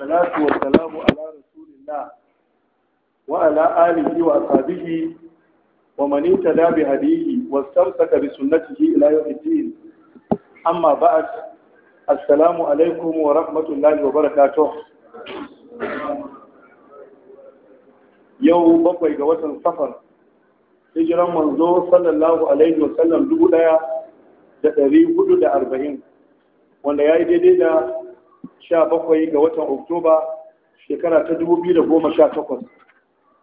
salatu wa salamu ala rasulillah wa ala alihi wa ashabihi wa man ittaba bi hadihi wa istamsaka bi sunnatihi ila yawm al-din amma ba'd assalamu alaikum wa rahmatullahi wa barakatuh yau bakwai ga watan safar hijiran manzo sallallahu alaihi da ɗari hudu da arba'in wanda ya yi daidai da 17 ga watan Oktoba shekara ta 2018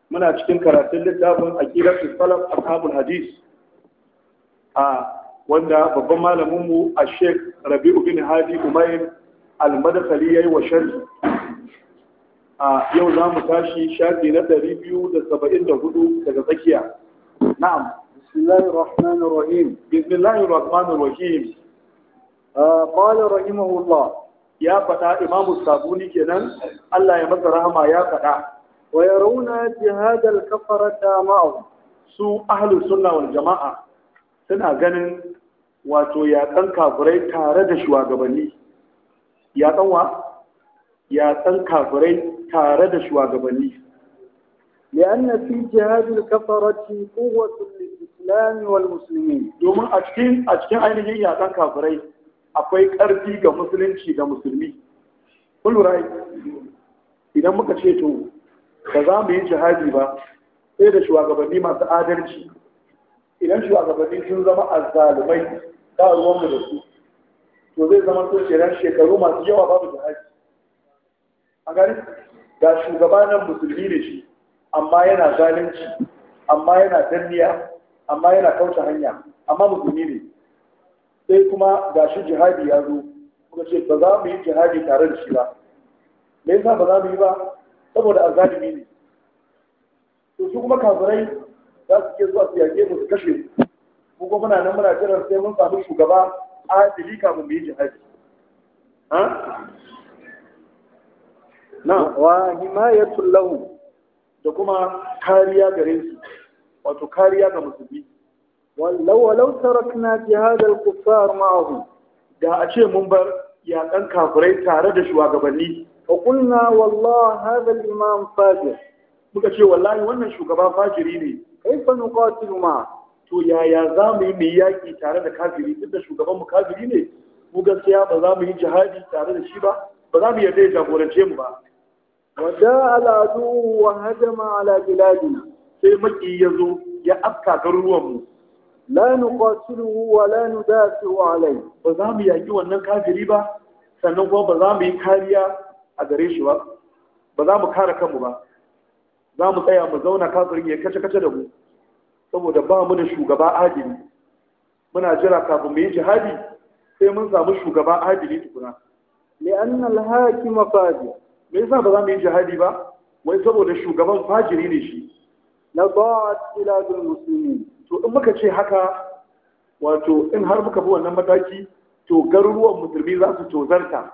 muna cikin karatun littafin aqidatul salaf ashabul hadis a wanda babban malamin mu a Sheikh Rabi'u bin Hadi Umayr al-Madkhali yayi wa sharhi a yau za mu tashi shafi na 274 daga tsakiya na'am bismillahir rahmanir rahim bismillahir rahmanir rahim قال رحمه الله ya faɗa imamu sabuni kenan Allah ya masa rahama ya faɗa wa yarawna jihadal kafarata ma'u su ahlus sunna wal jama'a suna ganin wato kan kafurai tare da shugabanni kan wa kan kafurai tare da shugabanni لأن في جهاد الكفرة قوة للإسلام والمسلمين دوما أين هي يا كافرين akwai ƙarfi ga musulunci da musulmi kun idan muka ce to ba za mu yi jihadi ba sai da shugabanni masu adalci idan shugabanni sun zama azzalumai ta ruwanmu da su to zai zama sun kenan shekaru masu yawa babu jihadi a gari ga shugaba nan musulmi ne shi amma yana zalunci amma yana danniya amma yana kauce hanya amma musulmi ne sai kuma ga shi jihadi ya zo muka ce ba za mu yi jihadi tare da shi ba me yasa ba za mu yi ba saboda azalimi ne to su kuma kafirai za su ke zuwa su yaƙe mu su kashe mu mu kuma muna nan muna jiran sai mun samu shugaba a dalika mu yi jihadi ha na wa himayatul lahu da kuma kariya gare su wato kariya ga musulmi ولو ولو تركنا جهاد الكفار معهم da a ce mun bar yaƙan kafirai tare da shugabanni wa kunna wallahi hadha al-imam muka ce wallahi wannan shugaba fajiri ne kaifa nuqatilu ma to yaya za mu yi mai yaƙi tare da kafiri duk da shugabanmu kafiri ne mu gaskiya ba za mu yi jihadi tare da shi ba ba za mu yarda ya jagorance mu ba wada al'adu wa hadama ala biladina sai maki ya zo ya afka garuruwanmu la nuqatiluhu wa la nudafi'u alayhi ba za mu wannan kafiri ba sannan kuma ba za mu yi kariya a gare shi ba ba za mu kare kanmu ba za mu tsaya mu zauna kafirin ya kace kace da mu saboda ba mu da shugaba adili muna jira kafin mu yi jihadi sai mun samu shugaba adili tukuna li'an al-hakim fajir me yasa ba za mu yi jihadi ba wai saboda shugaban fajiri ne shi na ta'at ila al-muslimin to in muka ce haka wato in har muka bi wannan mataki to garuruwan musulmi za su tozarta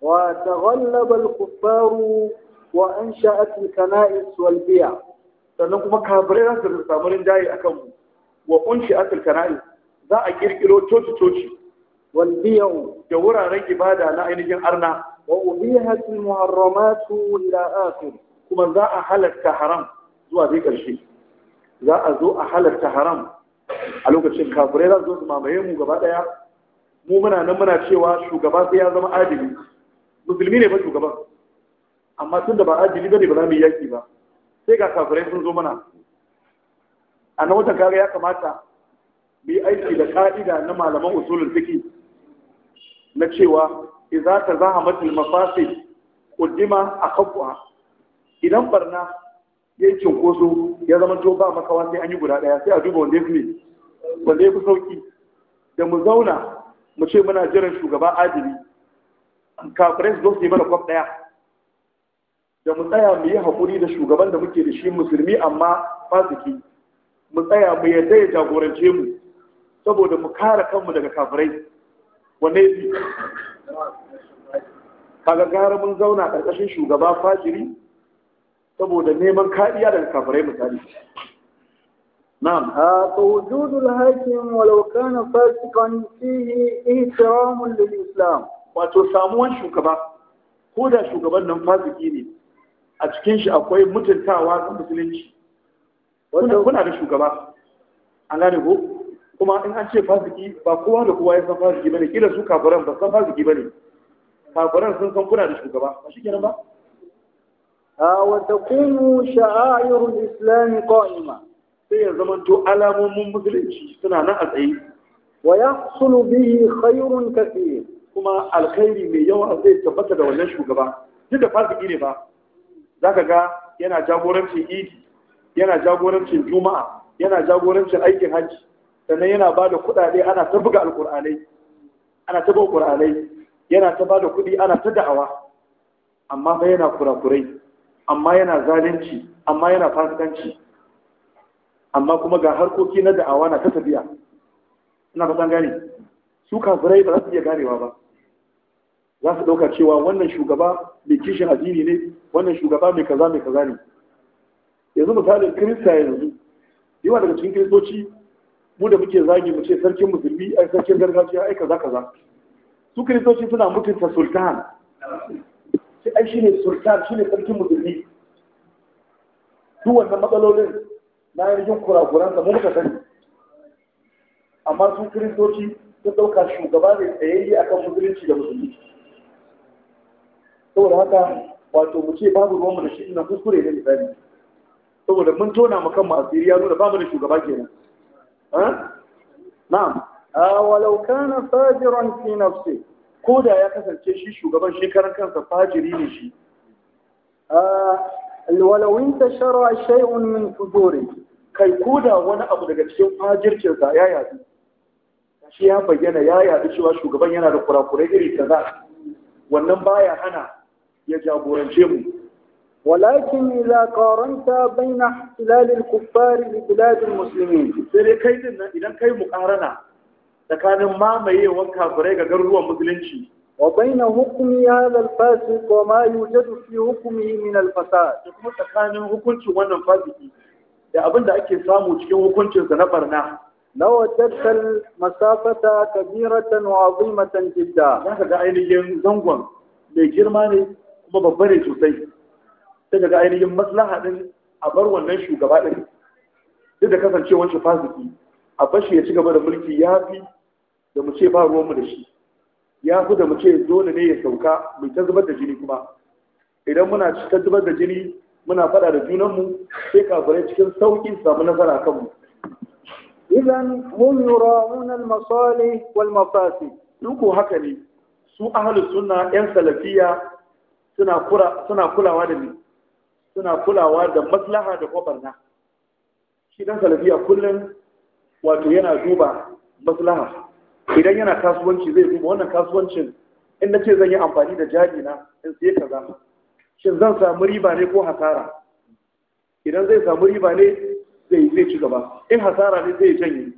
wa taghallaba al-kuffaru wa ansha'at al-kana'is wal biya sannan kuma kafirai za su samu rinjaye akan mu wa unshi'at al-kana'is za a kirkiro coci coci wal biya da wuraren ibada na ainihin arna wa ubihat al-muharramatu ila akhir kuma za a halatta haram zuwa dai karshe za a zo a halarta haram a lokacin kafirai za su zo su mamaye mu gaba daya mu muna nan muna cewa shugaba sai ya zama adili musulmi ne ba shugaban amma tun da ba adili bane ba za mu yi yaki ba sai ga kafirai sun zo mana a nan watan kaga ya kamata mu yi aiki da ka'ida na malaman usulun fiki na cewa idza tazahamat al mafasid a kafuwa idan barna ya cunkoso ya zama to ba makawa sai an yi guda ɗaya sai a duba wanda ya fi wanda ya fi sauki da mu zauna mu ce muna jiran shugaba adili kafirai su zo yi mana kwaf ɗaya da mu tsaya mu yi haƙuri da shugaban da muke da shi musulmi amma fasiki mu tsaya mu yarda ya jagorance mu saboda mu kare kanmu daga kafirai wanne fi kaga gara mun zauna ƙarƙashin shugaba fajiri saboda neman kariya daga kafirai misali نعم فوجود الحاكم ولو كان فاسقا فيه احترام Islam. wato samuwan shugaba ko da shugaban nan fasiki ne a cikin shi akwai mutuntawa ga musulunci kuna da shugaba an gane ko kuma in an ce fasiki ba kowa da kowa ya san fasiki bane kila su kafiran ba san fasiki bane kafiran sun san kuna da shugaba ba shi kenan ba وتكون شعائر الإسلام قائمة sai zaman to alamomin musulunci suna nan a tsaye wa yahsulu bihi khairun kathir kuma alkhairi mai yawa zai tabbata da wannan shugaba duk da fasiki ne ba zaka ga yana jagorancin idi yana jagorancin juma'a yana jagorancin aikin hajji sannan yana ba da kuɗaɗe ana ta buga alƙur'anai ana ta buga ƙur'anai yana ta ba da kuɗi ana ta da'awa amma fa yana kurakurai amma yana zalunci amma yana fasikanci amma kuma ga harkoki na da'awa na ta tafiya ina fatan gane su kafirai ba za su iya ganewa ba za su ɗauka cewa wannan shugaba mai kishin addini ne wannan shugaba mai kaza mai kaza ne yanzu misalin kirista yanzu yawa daga cikin kiristoci mu da muke zagi mu ce sarkin musulmi ai sarkin gargajiya ai kaza kaza su kiristoci suna mutunta sultan sai ai shine sultan shine sarkin musulmi duk wannan matsalolin na yankin kurakuran mu muka sani amma sun kiristoci sun ɗauka shugaba ne tsayayye a kan musulunci da musulmi saboda haka wato mu ce babu ruwan mu da shi ina kuskure ne misali saboda mun tona mu kan asiri ya nuna babu da shugaba kenan na'am a walau kana fajiran fi nafsi ko da ya kasance shi shugaban shekarar kansa fajiri ne shi ولو انتشر شيء من فجوره kai koda wani abu daga cikin fajircinsa ya yadu shi ya bayyana ya yadu cewa shugaban yana da kurakurai iri kaza wannan baya hana ya jagorance mu walakin idza qaranta baina ihtilal al-kuffar li bilad al-muslimin sai kai din nan idan kai muqarana tsakanin wanka kafirai ga garuruwan musulunci وبين حكم هذا الفاسق وما يوجد في حكمه من الفساد kuma tsakanin hukuncin wannan fasiki da abin da ake samu cikin hukuncinsa na barna لو وجدت المسافة كبيرة وعظيمة جدا zaka ga ainihin zangon mai girma ne kuma babba ne sosai sai ga ainihin maslaha din a bar wannan shugaba din duk da kasancewar shi fasiki a shi ya ci gaba da mulki ya fi da mu ce ba ruwanmu da shi ya fi da muke dole ne ya sauka mai ta zubar da jini kuma idan muna ta zubar da jini muna faɗa da junanmu sai kafirai cikin sauƙin samu nasara kanmu idan hum yura'una al-masalih wal mafasid duku haka ne su ahlus sunna yan salafiya suna kulawa da ni suna kulawa da maslaha da kwabarna shi dan salafiya kullum wato yana duba maslaha idan yana kasuwanci zai duba wannan kasuwancin in na ce zan yi amfani da jari na in sai kaza shin zan samu riba ne ko hasara idan zai samu riba ne zai zai ci gaba in hasara ne zai janye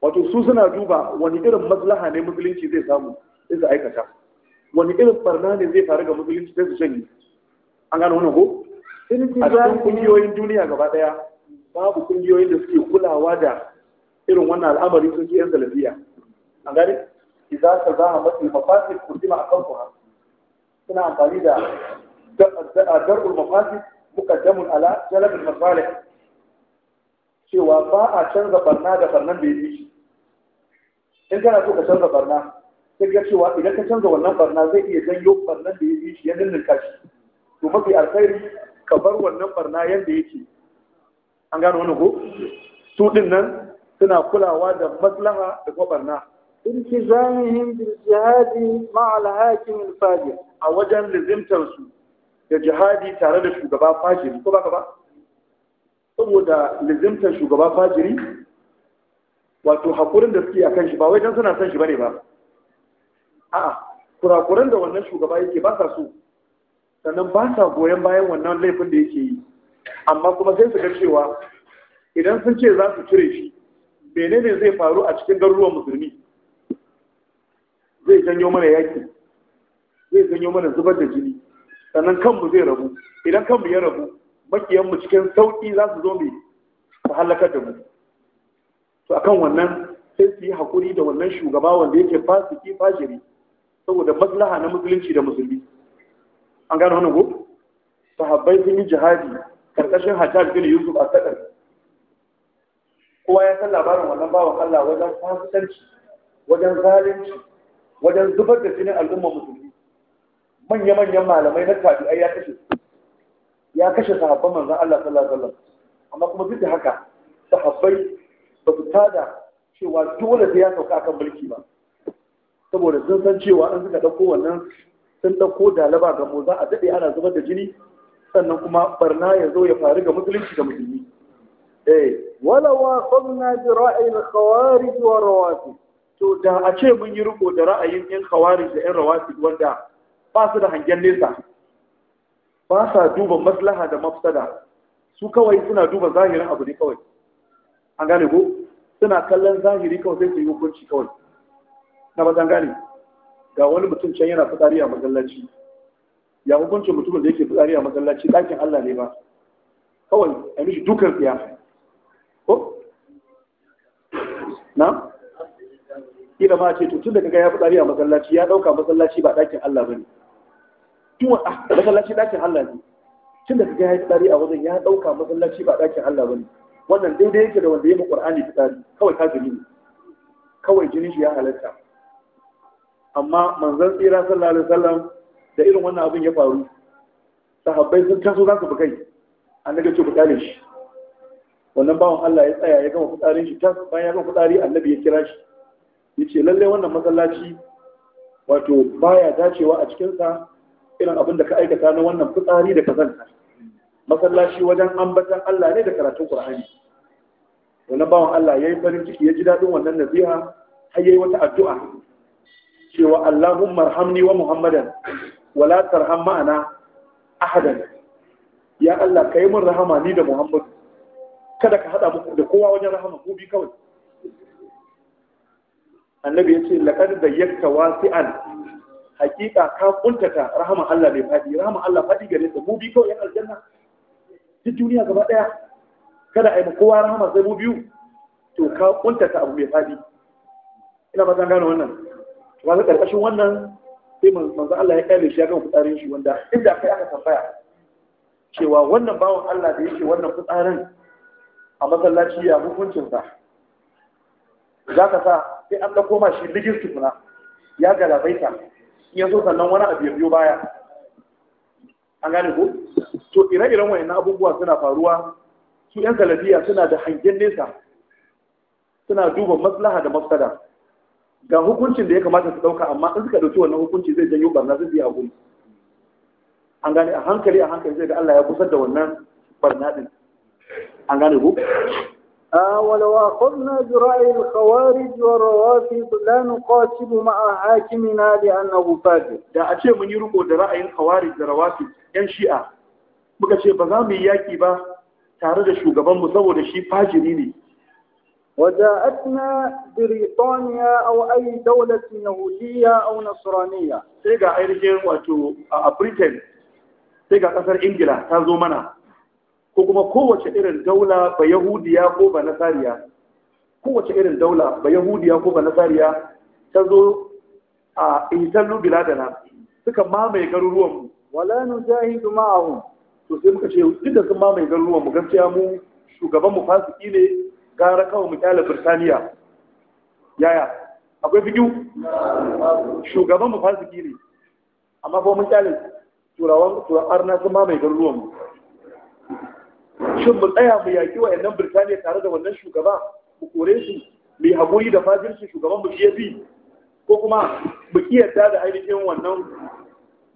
wato su suna duba wani irin maslaha ne musulunci zai samu zai su aikata wani irin barna ne zai faru ga musulunci zai su janye an gano wannan ko a cikin kungiyoyin duniya gaba daya babu kungiyoyin da suke kulawa da irin wannan al'amari sun ke yan salafiya an gani idan ka za a mafi mafasi kurdima a kan kuwa suna amfani da dar'ul mafasi mukaddamun ala jalabin masalih cewa ba a canza barna da barnan da ya shi in kana so ka canza barna sai ga cewa idan ka canza wannan barna zai iya janyo barnan da ya bi shi ya ninninka shi to mafi alkhairi ka bar wannan barna yadda yake an gano wani ko su din nan suna kulawa da maslaha da kuma barna iltizamihim bil jihadi ma'a al-hakim al-fajir a wajen lazimtar su da jihadi tare da shugaba fajiri ko baka ba saboda lizimtar shugaba fajiri wato hakurin da suke akan shi ba wai dan suna son shi bane ba a'a kurakuran da wannan shugaba yake ba sa so sannan ba sa goyon bayan wannan laifin da yake yi amma kuma sai su ga cewa idan sun ce za su cire shi menene zai faru a cikin garuruwan musulmi zai janyo mana yaki zai janyo mana zubar da jini sannan kanmu zai rabu idan kanmu ya rabu makiyanmu cikin sauƙi za su zo mai su halakar da mu to akan wannan sai su yi haƙuri da wannan shugaba wanda yake fasiki fajiri saboda maslaha na musulunci da musulmi an gano wannan ko sahabbai sun yi jihadi karkashin hajjaj bin yusuf a sadar kowa ya san labarin wannan bawan allah wajen fasikanci wajen zalunci wajen zubar da jinin al'ummar musulmi manya-manyan malamai na tabi'ai ya kashe ya kashe sahabban manzan Allah sallallahu alaihi wasallam amma kuma duk da haka sahabbai ba su tada cewa dole sai ya sauka akan mulki ba saboda sun san cewa an suka dauko wannan sun dauko dalaba ga moza a daɗe ana zubar da jini sannan kuma barna ya zo ya faru ga musulunci da musulmi eh wala wa qadna bi ra'il khawarij wa rawatib to da a ce mun yi riko da ra'ayin yan khawarij da yan rawafi wanda ba su da hangen nesa ba sa duba maslaha da mafsada su kawai suna duba zahirin abu ne kawai an gane ko suna kallon zahiri kawai sai su yi hukunci kawai na ba gane ga wani mutum can yana fitsari a masallaci ya hukuncin mutumin da yake fitsari a masallaci ɗakin Allah ne ba kawai a mishi dukan tsiya ko na kila ma ce to tun da kaga ya fitsari a masallaci ya dauka masallaci ba dakin Allah bane tun a masallaci dakin Allah ne tun da kaga ya fi fitsari a wajen ya dauka masallaci ba dakin Allah bane wannan daidai yake da wanda ya yi Qur'ani fitsari kawai kafiri ne kawai jinin shi ya halatta amma manzon tsira sallallahu alaihi wasallam da irin wannan abin ya faru sahabbai sun taso za su bi kai annabi ce ku tsare shi wannan bawan Allah ya tsaya ya gama fitsarin shi tas bayan ya gama fitsari annabi ya kira shi yace lalle wannan masallaci wato baya dacewa a cikinsa irin abin da ka aikata na wannan fitsari da kazanta masallaci wajen ambatan Allah ne da karatun Qur'ani wannan bawan Allah yayi farin ciki ya ji dadin wannan nasiha har yayi wata addu'a cewa Allahumma arhamni wa Muhammadan wa la tarham ma'ana ahadan ya Allah kai mun rahama ni da Muhammad kada ka hada mu da kowa wajen rahama ko bi kawai annabi ya ce laƙar da yakta wasi'an hakika ka kuntata rahama Allah mai faɗi rahama Allah faɗi gare ta mu biyu kawai yan aljanna duk duniya gaba ɗaya kada a yi kowa rahama sai mu biyu to ka kuntata abu mai faɗi ina ba gane wannan ba ta ƙarƙashin wannan sai manzo Allah ya kare shi ya gama fitsarin shi wanda inda kai aka tambaya cewa wannan bawan Allah da yake wannan fitsarin a masallaci ya hukuncinsa za ka sa sai an ɗauko ma shi ligin tukuna ya ta, ya zo sannan wani abu ya biyo baya an gane ko to ire-iren wayannan abubuwa suna faruwa su yan galabiya suna da hangen nesa suna duba maslaha da mafsada ga hukuncin da ya kamata su ɗauka amma in suka ɗauki wannan hukunci zai janyo barna zai yi abu an gane a hankali a hankali zai ga Allah ya kusar da wannan barna din an gane ko آه ولو أخذنا برأي الخوارج والروافض لا نقاتل مع حاكمنا لأنه فاجر da a ce mun yi riko da ra'ayin khawarij da rawafi yan shi'a muka ce ba za mu yi yaki ba tare da shugabanmu saboda shi fajiri ne وجاءتنا بريطانيا أو أي دولة يهودية أو نصرانية sai ga ainihin wato a Britain sai ga ƙasar Ingila ta zo mana ko kuma kowace irin daula ba yahudiya ko ba nasariya kowace irin daula ba yahudiya ko ba nasariya ta zo a isallu biladana suka mamaye garuruwan mu wala jahidu ma'ahum to sai muka ce duk da sun mamaye garuruwan mu gaskiya mu shugaban mu fasiki ne gara kawai mu kyale Birtaniya yaya akwai bigiyu shugaban mu fasiki ne amma ba mun kyale turawan turawan arna sun mamaye garuruwan mu shin mu tsaya mu yaƙi wa yannan birtaniya tare da wannan shugaba mu kore su mai haƙuri da fajirci shugaban mu shi ko kuma mu kiyarta da ainihin wannan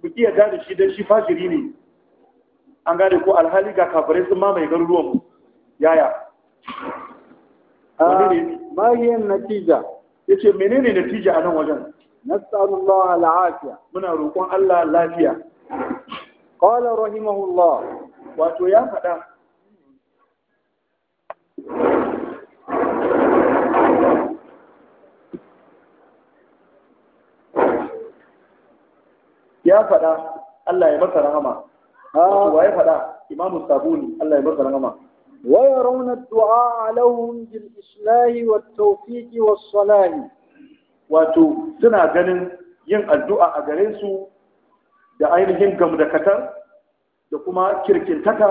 mu kiyarta da shi don shi fajiri ne an gane ko alhali ga kafirai sun mamaye garuruwan mu yaya ah, ma hiya Ya ce menene natija a nan wajen nas'alullah al'afiya muna roƙon Allah lafiya qala rahimahullah wato ya faɗa ya faɗa Allah ya masa rahama wa ya faɗa imamu sabuni Allah ya masa rahama ويرون Islahi wa بالإصلاح wa والصلاح wato suna ganin yin addu'a a gare su da ainihin gamdakatar da kuma kirkintaka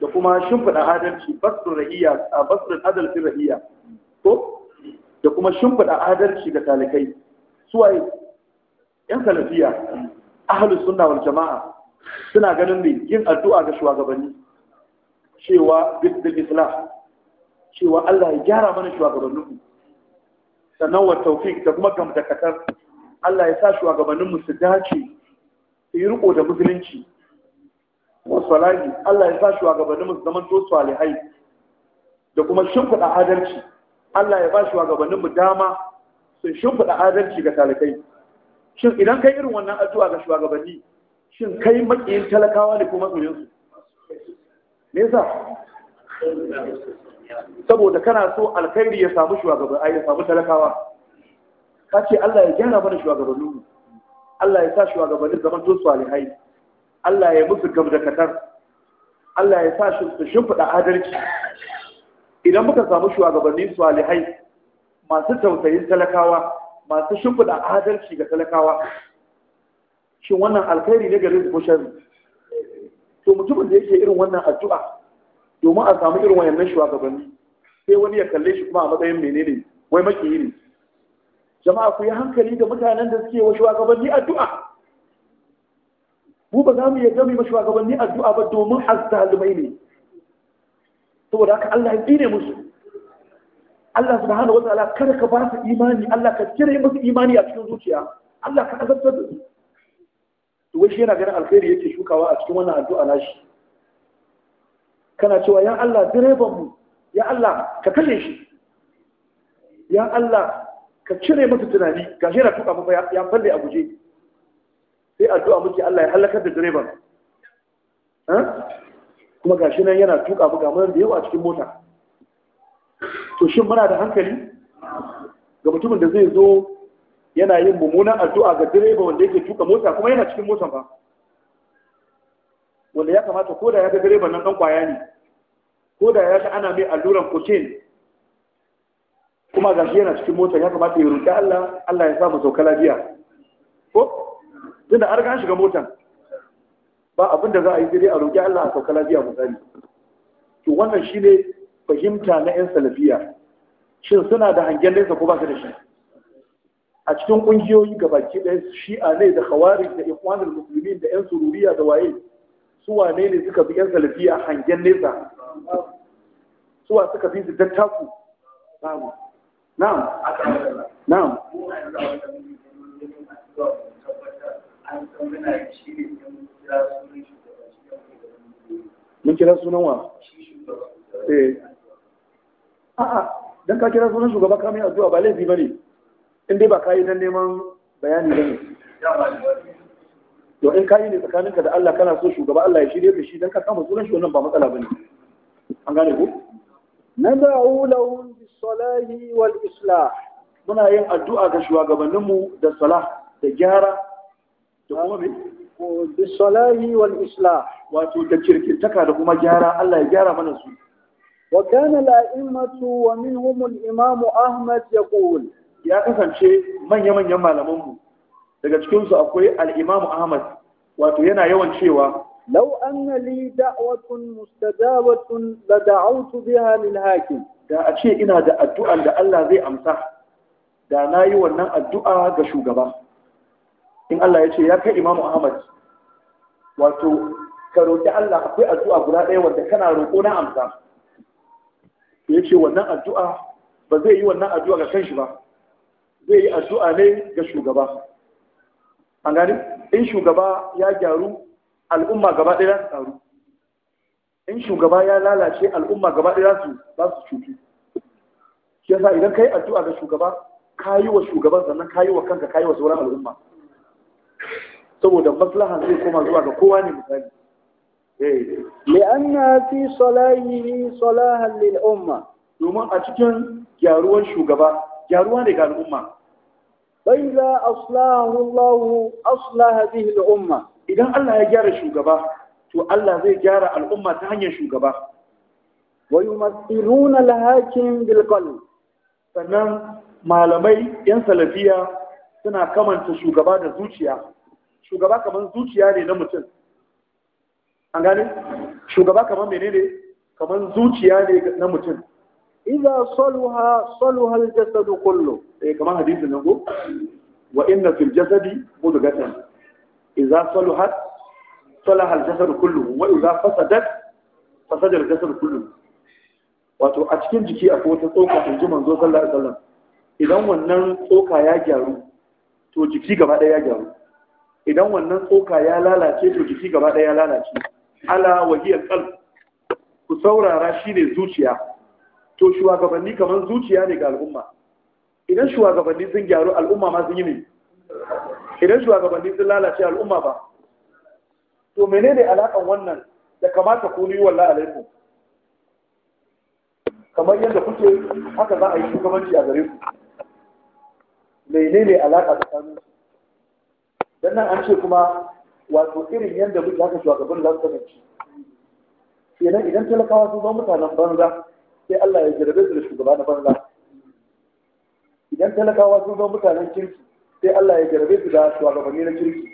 da kuma shimfiɗa adalci basirin rahiya a basirin adalcin rahiya ko da kuma shimfiɗa adalci ga talikai suwaye yan salafiya ahalus sunna wal jama'a suna ganin mai yin addu'a ga shugabanni cewa bil islam cewa Allah ya gyara mana shugabanninmu sannan wa tawfiq da kuma gamdakatar Allah ya sa shugabanninmu su dace su yi riko da musulunci wa salahi Allah ya sa shugabanninmu su zama to salihai da kuma shimfiɗa adalci Allah ya ba shugabanninmu dama su shimfiɗa adalci ga talibai shin idan kai irin wannan addu'a ga shugabanni shin kai makiyin talakawa ne ko masoyinsu me yasa saboda kana so alkhairi ya samu shugaban ya samu talakawa ka ce Allah ya gyara mana shugabanninmu Allah ya sa shugabannin zaman to salihai Allah ya musu katar Allah ya sa su shimfiɗa adalci idan muka samu shugabannin salihai masu tausayin talakawa masu shimfiɗa adalci ga talakawa shin wannan alkhairi ne gare su ko shari to mutumin da yake irin wannan addu'a domin a samu irin wayannan shugabanni sai wani ya kalle shi kuma a matsayin menene wai makiyi ne jama'a ku yi hankali da mutanen da suke wa shugabanni addu'a mu ba za mu yarda mu yi shugabanni addu'a ba domin azzalumai ne saboda haka Allah ya tsine musu Allah subhanahu wataala kada ka ba su imani Allah ka cire musu imani a cikin zuciya Allah ka azabtar da su to wai shi yana ganin alkhairi yake shukawa a cikin wannan addu'a nashi kana cewa ya Allah direban mu ya Allah ka kalle shi ya Allah ka cire masa tunani shi yana tuka maka ya falle a guje sai addu'a muke Allah ya halakar da direban kuma gashi nan yana tuka maka mun da yawa a cikin mota to shin muna da hankali ga mutumin da zai zo yana yin mummunan addu'a ga direba wanda yake tuka mota kuma yana cikin motan ba wanda ya kamata ko da ya ga direban nan dan kwaya ne ko da ya ga ana mai alluran cocaine kuma ga shi yana cikin motar ya kamata ya roƙi Allah Allah ya sa mu sauka lafiya ko tunda an riga an shiga motan, ba abin da za a yi dai a roƙi Allah a sauka lafiya sani to wannan shine fahimta na 'yan salafiya shin suna da hangen nesa ko ba su da shi a cikin ƙungiyoyi gabaki ɗaya shi'a ne da khawarij da ikwanul musulmin da 'yan sururiya da waye su wane ne suka fi 'yan salafiya hangen nesa suwa suka fi su dattaku babu na'am na'am mun kira sunan wa eh a'a dan ka kira sunan shugaba ka addu'a ba laifi bane in dai ba kai dan neman bayani ba ne. to in kai ne tsakaninka da Allah kana so shugaba Allah ya shirye ka shi dan ka kama sunan shi wannan ba matsala bane an gane ko nad'u lahu bis-salahi wal-islah muna yin addu'a ga shugabanninmu da salah da gyara da kuma me bis-salahi wal-islah wato da kirkirtaka da kuma gyara Allah ya gyara mana su وكان الأئمة ومنهم الإمام أحمد يقول يا كسان شيء من يمن يمال ممو daga cikinsu akwai al'imamu Ahmad wato yana yawan cewa lau an na li da'watun mustajawatun la da'autu biha lil hakim da a ce ina da addu'an da Allah zai amsa da na yi wannan addu'a ga shugaba in Allah ya ce ya kai imamu Ahmad wato ka roƙi Allah akwai addu'a guda ɗaya wanda kana roƙo na amsa ya ce wannan addu'a ba zai yi wannan addu'a ga kanshi ba zai yi addu'a ne ga shugaba an gani in shugaba ya gyaru al'umma gaba ɗaya za su taru in shugaba ya lalace al'umma gaba ɗaya za su cutu shi yasa idan ka yi addu'a ga shugaba ka yi wa shugaban sannan ka yi wa kanka ka yi wa sauran al'umma saboda maslahan zai koma zuwa ga kowa ne misali li'an na fi salahihi salahan lil'umma domin a cikin gyaruwar shugaba gyaruwa ne ga al'umma bai za a salahu allahu a salahadihi idan allah ya gyara shugaba to allah zai gyara al'umma ta hanyar shugaba wayu masiruna lahakin bilkwal sannan malamai yan salafiya suna kamanta shugaba da zuciya shugaba kamar zuciya ne na mutum an gane shugaba kamar menene kamar zuciya ne na mutum idza saluha saluha aljasad kullu eh kamar hadisin nan go, wa inna fil jasadi mudghatan idza saluhat salaha aljasad kullu wa idza fasadat fasada aljasad kullu wato a cikin jiki akwai wata tsoka in ji manzo sallallahu alaihi wasallam idan wannan tsoka ya gyaru to jiki gaba ɗaya ya gyaru idan wannan tsoka ya lalace to jiki gaba ɗaya ya lalace ala wahiyar kalb ku saurara shi ne zuciya to shugabanni kamar zuciya ne ga al'umma idan shugabanni sun gyaru al'umma ma sun yi ne idan shugabanni sun lalace al'umma ba to menene alakan wannan da kamata ku yi wallahi alaikum kamar yadda kuke haka za a yi shugabanci a gare ku menene alaka tsakanin su dan nan an ce kuma wato irin yadda muke haka shugaban za su kasance kenan idan talakawa sun zama mutanen banza sai Allah ya jarabe su da shugaba na banza idan talakawa sun zama mutanen kirki sai Allah ya jarabe su da shugabanni na kirki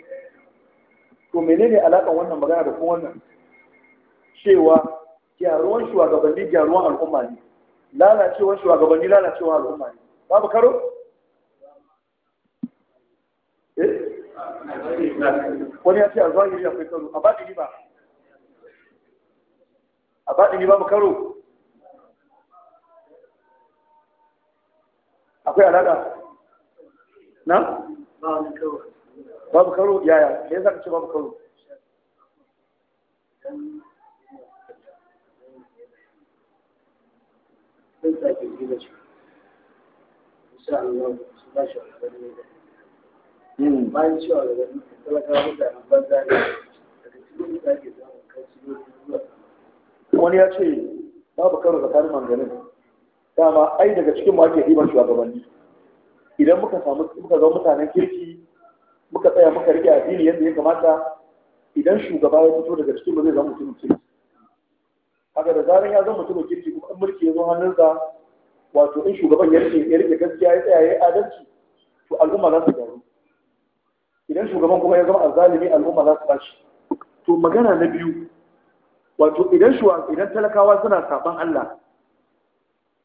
to menene alaƙar wannan magana da kuma wannan cewa gyaruwan shugabanni gyaruwan al'umma ne lalacewar shugabanni lalacewar al'umma ne babu karo? eh? wani ya ce a zahiri akwai karo a baɗini ba a baɗini babu karo akwai alaƙa na? babu karo yaya ya zaka ce babu karo Thank you. Hmm. bayan cewa da wani talakawa mutanen banza ne daga cikin da ake samun kansu zuwa wani ya ce babu karo tsakanin manganin dama ai daga cikin ma ake ɗiban shugabanni idan muka samu muka zama mutanen kirki muka tsaya muka rike addini yadda ya kamata idan shugaba ya fito daga cikin ba zai zama mutumin kirki haka da zaran ya zama mutumin kirki kuma in mulki ya zo hannunsa wato in shugaban ya rike ya rike gaskiya ya tsaya ya adalci to al'umma za su gyaru idan shugaban kuma ya zama zalimi al'umma za su bashi to magana na biyu wato idan idan talakawa suna saban Allah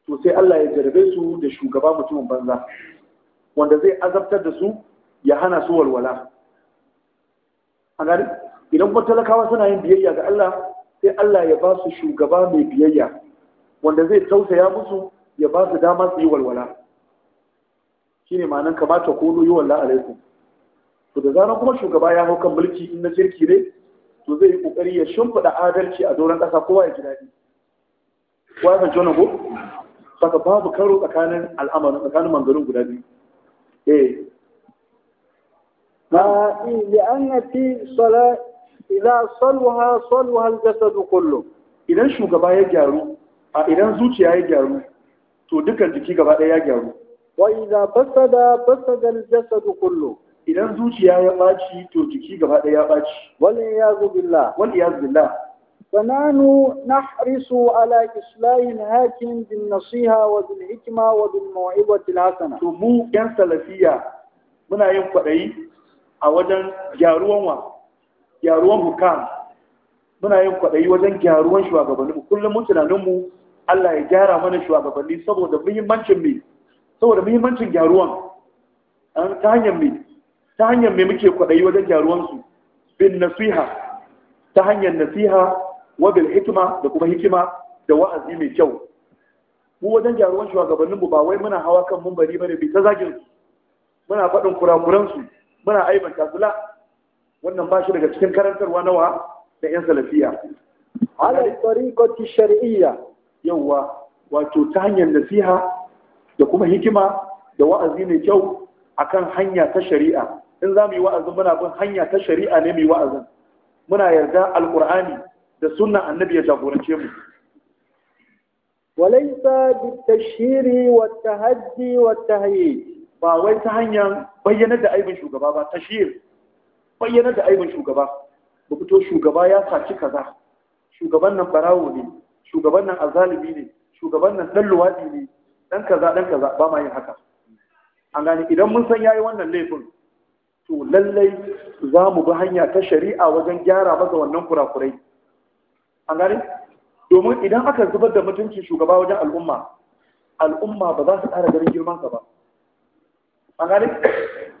to sai Allah ya jarabe su da shugaba mutumin banza wanda zai azabtar da su ya hana su walwala a gani idan kuma talakawa suna yin biyayya ga Allah sai Allah ya ba su shugaba mai biyayya wanda zai tausaya musu ya ba su dama su yi walwala shine ma'anan kamata kono yi walla alaikum to da zaran kuma shugaba ya hau kan mulki in na kirki ne to zai yi kokari ya shimfida adalci a doron ƙasa kowa ya ji daɗi kowa ya fahimci wannan ko saka babu karo tsakanin al'amarin tsakanin mangarin guda biyu eh ma li'anna fi sala ila salwaha salwaha al-jasad kullu idan shugaba ya gyaru a idan zuciya ya gyaru to dukkan jiki gaba ɗaya ya gyaru wa idza fasada fasada al-jasad kullu idan zuciya ya ɓaci to jiki gaba ɗaya ya ɓaci. Wani ya zubilla. Wani ya zubilla. Sananu na harisu ala islahin hakin bin nasiha wa bin hikima wa bin ma'ibatil hasana. To mu ƴan salafiya muna yin kwaɗayi a wajen gyaruwan wa, gyaruwan hukam. Muna yin kwaɗayi wajen gyaruwan shugabanni. Kullum mun tunanin mu Allah ya gyara mana shugabanni saboda muhimmancin mai, saboda muhimmancin gyaruwan. An ta hanyar mai, ta hanyar me muke kwaɗayi wajen gyaruwansu bin nasiha ta hanyar nasiha wa hikima da kuma hikima da wa'azi mai kyau mu wajen gyaruwan shugabannin mu ba wai muna hawa kan mumbari bane bi ta zagin muna faɗin kurakuran su muna aibin su wannan ba shi daga cikin karantarwa nawa da yan salafiya ala tariqati shar'iyya yawa wato ta hanyar nasiha da kuma hikima da wa'azi mai kyau akan hanya ta shari'a in za mu yi wa'azin muna bin hanya ta shari'a ne mu yi wa'azin muna yarda al’ur'ani da sunan annabi ya jagorance mu ta وليس بالتشهير والتهدي haye ba wai ta hanyar bayyanar da aibin shugaba ba ta shiri bayyanar da aibin shugaba ba fito shugaba ya saci kaza shugaban nan barawo ne shugaban nan azalimi ne shugaban nan dan luwadi ne dan kaza dan kaza ba ma yin haka an gane idan mun san yayi wannan laifin to lallai za mu bi hanya ta shari'a wajen gyara masa wannan kurakurai an gani domin idan aka zubar da mutuncin shugaba wajen al'umma al'umma ba za su ƙara ganin ka ba an gani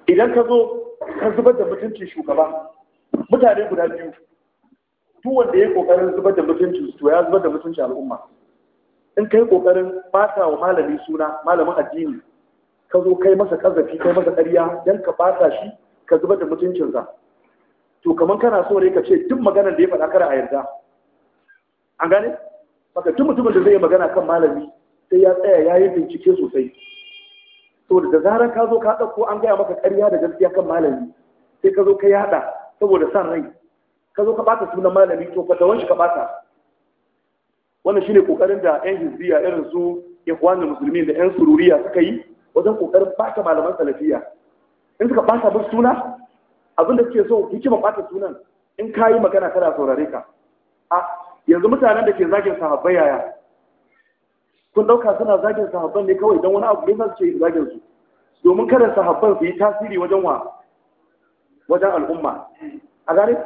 idan ka zo ka zubar da mutuncin shugaba mutane guda biyu duk wanda ya kokarin zubar da mutuncin to ya zubar da mutuncin al'umma in kai kokarin bata wa malami suna malamin addini ka zo kai masa kazafi kai masa ƙarya dan ka bata shi ka zuba da mutuncinsa to kamar kana so ne ka ce duk maganar da ya faɗa kara a yarda an gane baka duk mutumin da zai yi magana kan malami sai ya tsaya ya yi bincike sosai to da zarar ka zo ka ɗauko an gaya maka ƙarya da gaskiya kan malami sai ka zo ka yaɗa saboda san rai ka zo ka ɓata sunan malami to fatawan shi ka ɓata wannan shine kokarin da yan hizbiya irin su ikhwanul muslimin da yan sururiya suka yi wajen kokarin ɓata malaman salafiya in suka ɓata bar suna abinda suke so hikimar ɓata sunan in ka yi magana kada saurare ka a yanzu mutanen da ke zagin sahabbai yaya kun ɗauka suna zagin sahabban ne kawai don wani abu ne suke zagin su domin kada sahabban su yi tasiri wajen wa wajen al'umma a gane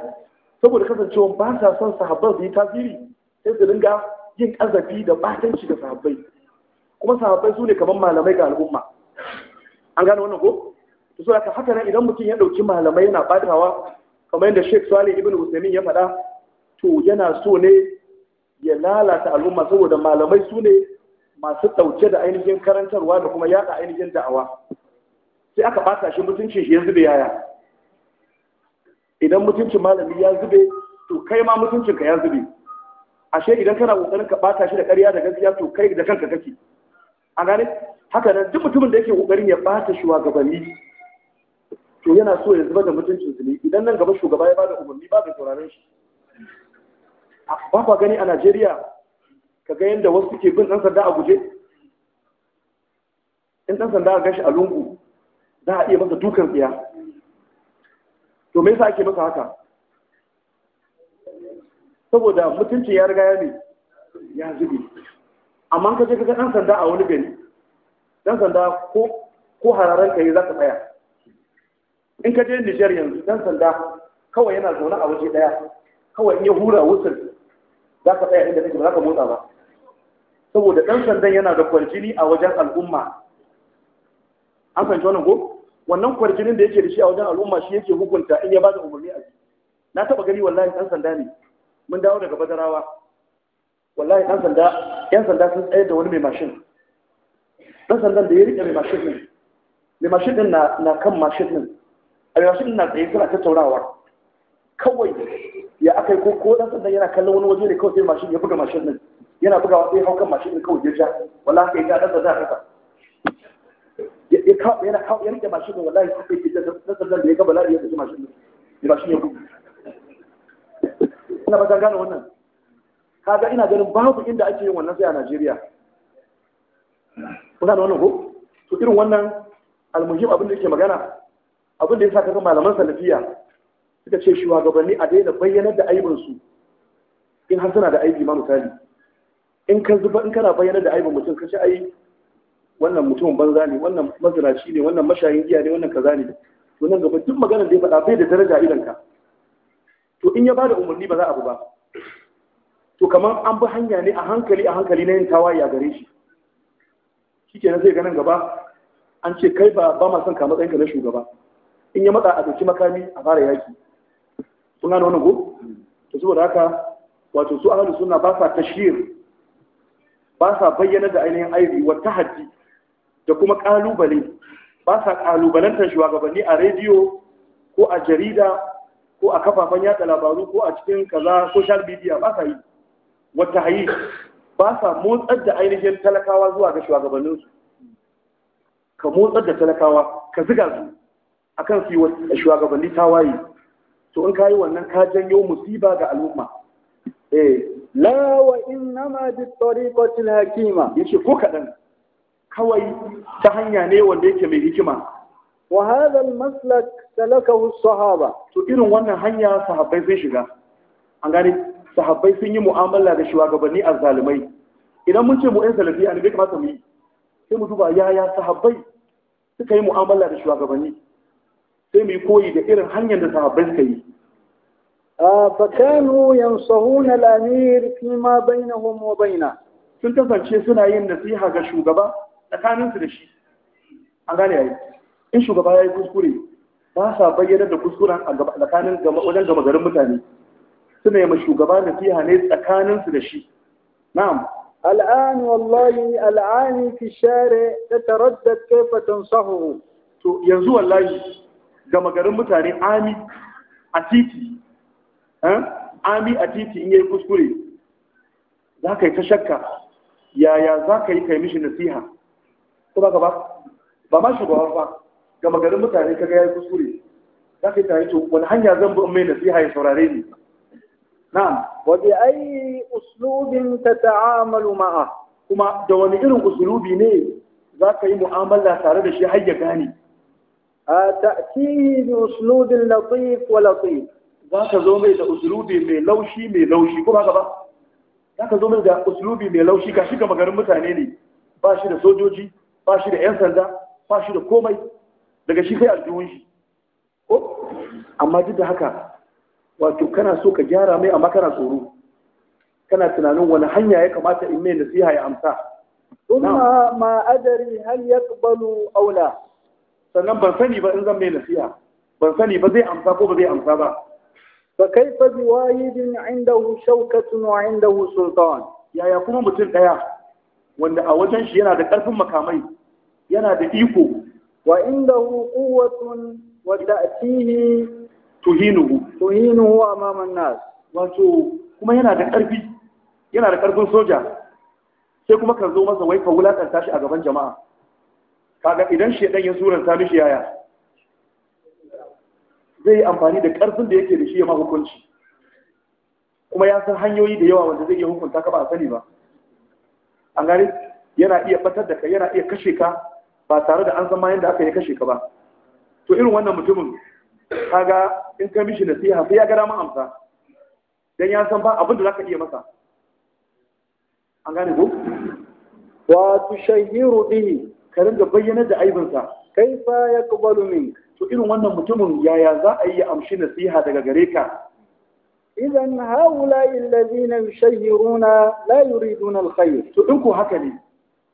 saboda kasancewa ba sa son sahabban su yi tasiri sai su dinga yin azabi da batanci ga sahabbai kuma sahabbai su ne kamar malamai ga al'umma an gane wannan ko to so haka nan idan mutum ya dauki malamai yana batawa kamar yadda Sheikh Salih Ibn Uthaymeen ya faɗa to yana so ne ya lalata al'umma saboda malamai su ne masu ɗauke da ainihin karantarwa da kuma yaɗa ainihin da'awa sai aka ɓata shi mutuncin shi ya zube yaya idan mutuncin malami ya zube to kai ma mutuncinka ya zube ashe idan kana kokarin ka ɓata shi da ƙarya da gaskiya to kai da kanka kake a gane haka nan duk mutumin da yake kokarin ya ɓata gabanni to yana so ya zuba da mutuncin su ne idan nan gaba shugaba ya bada umarni ba ga sauraron shi ba kwa gani a Najeriya ka ga yadda wasu ke bin ɗan sanda a guje in ɗan sanda a gashi a lungu za a iya masa dukan tsiya to me yasa ake masa haka saboda mutuncin ya riga ya ne ya zube amma ka je ka ga ɗan sanda a wani gari ɗan sanda ko ko ka yi za ka tsaya in ka je Nijar yanzu dan sanda kawai yana zaune a waje daya kawai in ya hura wutar za ka tsaya inda kake ba za ka motsa ba saboda dan sandan yana da kwarjini a wajen al'umma an fahimci wannan ko wannan kwarjinin da yake da shi a wajen al'umma shi yake hukunta in ya ba da umarni a ji na taba gani wallahi dan sanda ne mun dawo daga badarawa wallahi dan sanda yan sanda sun tsaye da wani mai mashin dan sandan da ya rike mai mashin din mai mashin din na kan mashin din a yaushe na tsaye suna tattaunawa kawai ya aka yi ko ko dan sannan yana kallon wani waje ne kawai sai mashin ya buga mashin din yana bugawa sai haukan mashin din kawai ya ja wallahi kai ga dan sannan haka ya ka yana ka ya rike mashin din wallahi sai ke dan sannan da ya ga bala'i ya tafi mashin din ya mashin ya buga ina ba gane wannan kaga ina ganin babu inda ake yin wannan sai a Najeriya kuna da wannan ko to irin wannan almuhim abin da yake magana abin da ya sa kaga malaman salafiya suka ce shugabanni a daina bayyanar da aibinsu in har suna da aibi ma misali in ka zuba in kana bayyanar da aibin mutum ka ce ai wannan mutumin banza ne wannan mazinaci ne wannan mashayin giya ne wannan kaza ne to nan gaba duk maganar da ya faɗa bai da daraja idan ka to in ya bada umarni ba za a bi ba to kamar an bi hanya ne a hankali a hankali na yin tawaye a gare shi na zai ganin gaba an ce kai ba ba ma son ka tsayinka na shugaba in ya matsa a ɗauki makami a fara yaki sun gane wannan ko to saboda haka wato su ahlus sunna ba sa tashhir ba sa bayyana da ainihin aibi wa tahaddi da kuma kalubale ba sa kalubalantar shugabanni a rediyo ko a jarida ko a kafafen yada labaru ko a cikin kaza social media ba sa yi wa tahayyi ba sa motsar da ainihin talakawa zuwa ga shugabanninsu ka motsar da talakawa ka ziga su akan su yi shugabanni tawaye to in kayi wannan ka janyo musiba ga al'umma eh la wa ma bi tariqatil hakima yace ko kadan kawai ta hanya ne wanda yake mai hikima wa hadha al maslak salakahu sahaba to irin wannan hanya sahabbai sun shiga an gane sahabbai sun yi mu'amala da shugabanni azzalumai idan mun ce mu ɗan a ne bai kamata mu yi sai mu duba yaya sahabbai suka yi mu'amala da shugabanni sai mu yi koyi da irin hanyar da sahabbai suka yi fakanu yansahuna na amir fi ma bainahum homo baina sun kasance suna yin nasiha ga shugaba tsakaninsu da shi an gane yayi in shugaba ya yi kuskure ba sa bayyana da kuskuren a tsakanin wajen gama garin mutane suna yi ma shugaba nasiha ne tsakaninsu da shi na'am الآن والله الآن في الشارع تتردد كيف تنصحه to yanzu wallahi gama garin mutane ami a titi eh? ami a titi in yi kuskure za ka yi ta shakka yaya za ka yi kaimishi mishi nasiha ko ba ka ba ba ma gawar ba gama garin mutane kaga yi kuskure za ka yi tare to wani hanya zan bi mai nasiha ya saurare ni na'am wa bi ayi uslubin ta'amalu ma'a kuma da wani irin uslubi ne za ka yi mu'amala tare da shi har ya gane تأتيه بأسلوب لطيف ولطيف ذاك زومي ده أسلوبي من لوشي من لوشي كم هذا بقى ذاك زومي ده أسلوبي من لوشي كشي كما قرر متعنيني باشي ده سوجوجي باشي ده إنسان ده باشي ده كومي daga shi sai aljihun shi ko amma duk da haka wato kana so ka gyara mai amma kana tsoro kana tunanin wani hanya ya kamata in mai nasiha ya amsa ثم ما أدري هل يقبل أو لا sannan ban sani ba in zan mai nasiya ban sani ba zai amsa ko ba zai amsa ba fa kaifa bi wahidin indahu shawkatun wa indahu sultan yaya kuma mutum daya wanda a wajen shi yana da karfin makamai yana da iko wa indahu quwwatun wa ta'tihi tuhinuhu tuhinuhu amama an-nas wato kuma yana da karfi yana da karfin soja sai kuma kan zo masa wai ka wulakanta shi a gaban jama'a kaga idan shedan ya ta mishi yaya zai yi amfani da karfin da yake da shi ya ma hukunci kuma ya san hanyoyi da yawa wanda zai iya hukunta ka ba a sani ba an gane yana iya batar da ka yana iya kashe ka ba tare da an san mayan da aka yi kashe ka ba to irin wannan mutumin kaga in ka mishi nasiha sai ya ga dama amsa dan ya san ba abin da zaka iya masa an gane ko wa tushayyiru bihi ka ringa bayyana da aibinsa kai fa ya kubalu min to irin wannan mutumin yaya za a yi amshi nasiha daga gare ka idan haula illazina yushayyiruna la yuriduna alkhair to in ko haka ne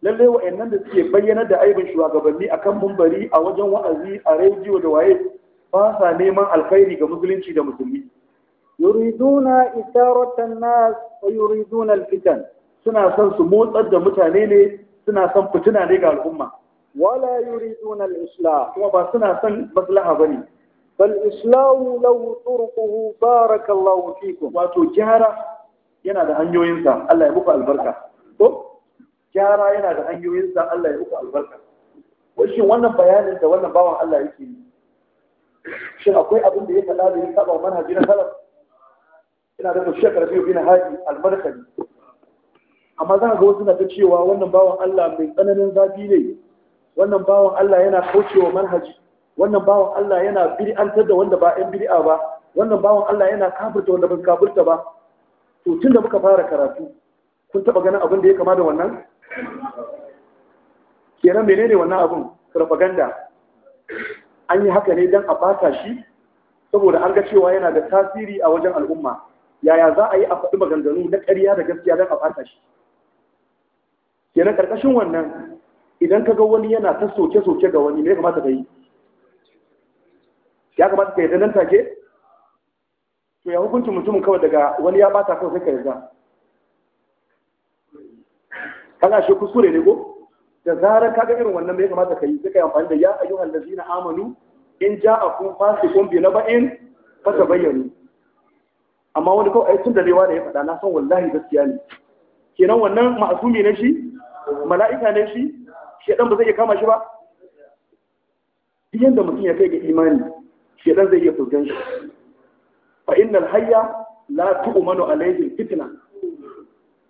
lalle wayannan da suke bayyana da aibin shugabanni akan mumbari a wajen wa'azi a rediyo da waye ba sa neman alkhairi ga musulunci da musulmi yuriduna isaratan nas wa yuriduna alfitan suna son su motsar da mutane ne suna son fitina ne ga al'umma wala yuriduna al-islam kuma ba suna son maslaha bane bal islamu lahu turquhu barakallahu fikum wato gyara yana da hanyoyinsa Allah ya muku albarka to gyara yana da hanyoyinsa Allah ya muku albarka shin wannan bayanin da wannan bawan Allah yake yi shin akwai abin da ya faɗa da ya saba manhaji na salaf ina da shekara biyu bin haji al-madkhali amma za ga wasu na ta cewa wannan bawan Allah mai tsananin zafi ne wannan bawan Allah yana kaucewa manhaji wannan bawan Allah yana bid'antar da wanda ba ɗan bid'a ba wannan bawan Allah yana kafirta wanda ba kafirta ba to tun da muka fara karatu kun taba ganin abin da ya kama da wannan kenan menene wannan abin propaganda an yi haka ne don a bata shi saboda an ga cewa yana da tasiri a wajen al'umma yaya za a yi a faɗi maganganu na ƙarya da gaskiya don a bata shi kenan karkashin wannan idan ka ga wani yana ta soke-soke ga wani me ya kamata ka yi ya kamata ka yarda nan take to ya hukuncin mutumin kawai daga wani ya bata kawai sai ka yarda Kana shi kuskure ne ko da zarar ga irin wannan me ya kamata ka yi sai ka yi amfani da ya ayyuhal ladzina amanu in ja a ja'akum fasiqun bi naba'in bayyana. amma wani kawai tun da rewa da ya faɗa na san wallahi gaskiya ne kenan wannan ma'asumi na shi mala'ika ne shi shaɗan ba zai iya kama shi ba da mutum ya kai ga imani shaɗan zai iya fulgan shi fa inna hayya la tu'u manu alayhi fitna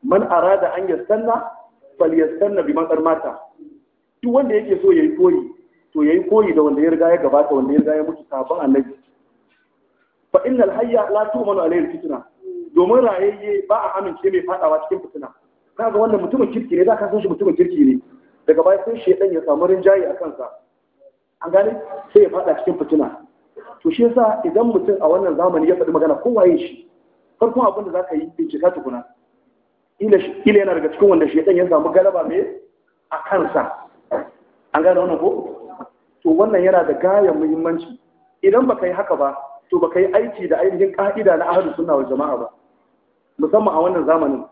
man arada an yastanna falyastanna bi matsar mata duk wanda yake so ya yi koyi to ya yi koyi da wanda ya riga ya gabata wanda ya riga ya mutu sabon annabi fa hayya la manu alayhi fitna domin rayayye ba a amince mai faɗawa cikin fitina kaga ga wannan mutumin kirki ne za ka san shi mutumin kirki ne daga baya sai shaidan ya samu rinjaye a kansa an gane sai ya fada cikin fitina to shi yasa idan mutum a wannan zamani ya faɗi magana ko waye shi farkon abin da za ka yi bincika tukuna ila yana daga cikin wanda shaidan ya samu galaba mai a kansa an gane wannan ko to wannan yana da gayan muhimmanci idan baka yi haka ba to baka yi aiki da ainihin ka'ida na ahlus sunna wal jama'a ba musamman a wannan zamanin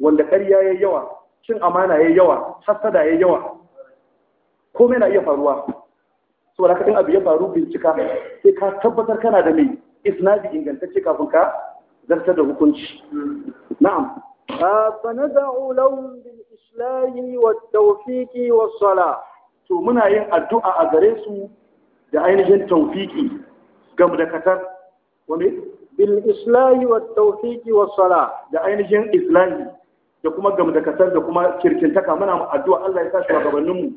wanda ƙarya ya yawa cin amana ya yawa hasada ya yawa komai na iya faruwa saboda haka in abu ya faru bincika sai ka tabbatar kana da mai isnadi ingantacce kafin ka zarta da hukunci na'am bil' islahi لهم بالإسلام والتوفيق sala. to muna yin addu'a a gare su da ainihin tawfiki ga mudakatar wani bil islahi wa tawfiki wa sala da ainihin islahi da kuma gamu da da kuma kirkintaka muna addu'a Allah ya sa shugabanninmu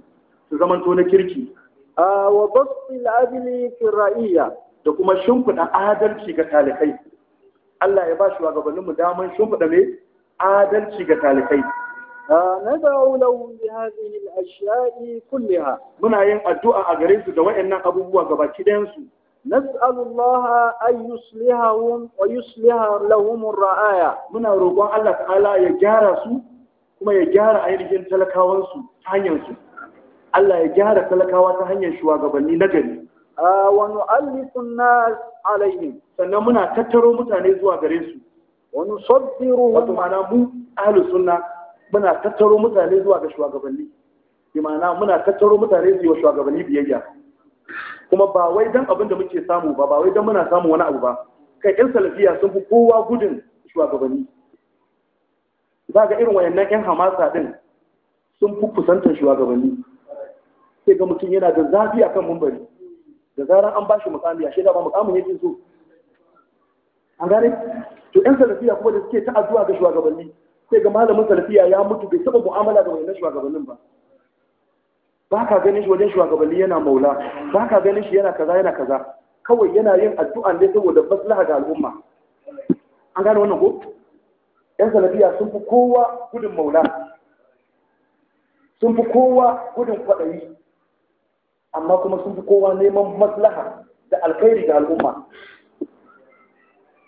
su to na kirki wa basil adli fi ra'iyya da kuma shimfiɗa adalci ga talikai Allah ya ba shugabanninmu daman shimfiɗa mai adalci ga talikai ندعو لهم بهذه الأشياء كلها muna yin addu'a a gare su da wayannan abubuwa gabaki dayansu. su nas'alu allaha an yuslihahum wa raaya muna roƙon Allah ta'ala ya gyara su kuma ya gyara ayyukan talakawan su ta hanyar su Allah ya gyara talakawa ta hanyar shugabanni na gari wa nu'allifu an sannan muna tattaro mutane zuwa gare su wa nusabbiru wa tu'alimu ahlus sunna muna tattaro mutane zuwa shugabanni kuma muna tattaro mutane zuwa shugabanni biyayya kuma ba wai dan abin da muke samu ba ba wai dan muna samu wani abu ba kai yan salafiya sun fi kowa gudun shugabanni za ga irin wayannan yan hamasa din sun fi kusantar shugabanni sai ga mutum yana da zafi akan mumbari da zarar an bashi mukami a shaida ba mukamin yake so an gane to yan salafiya kuma da suke ta ga shugabanni sai ga malamin salafiya ya mutu bai taɓa mu'amala da wayannan shugabannin ba ba ka ganin shi wajen shugabanni yana maula ba ka ganin shi yana kaza yana kaza kawai yana yin addu'a ne saboda maslaha ga al'umma an gane wannan ko yan salafiya sun fi kowa gudun maula sun fi kowa gudun kwaɗayi amma kuma sun fi kowa neman maslaha da alkhairi ga al'umma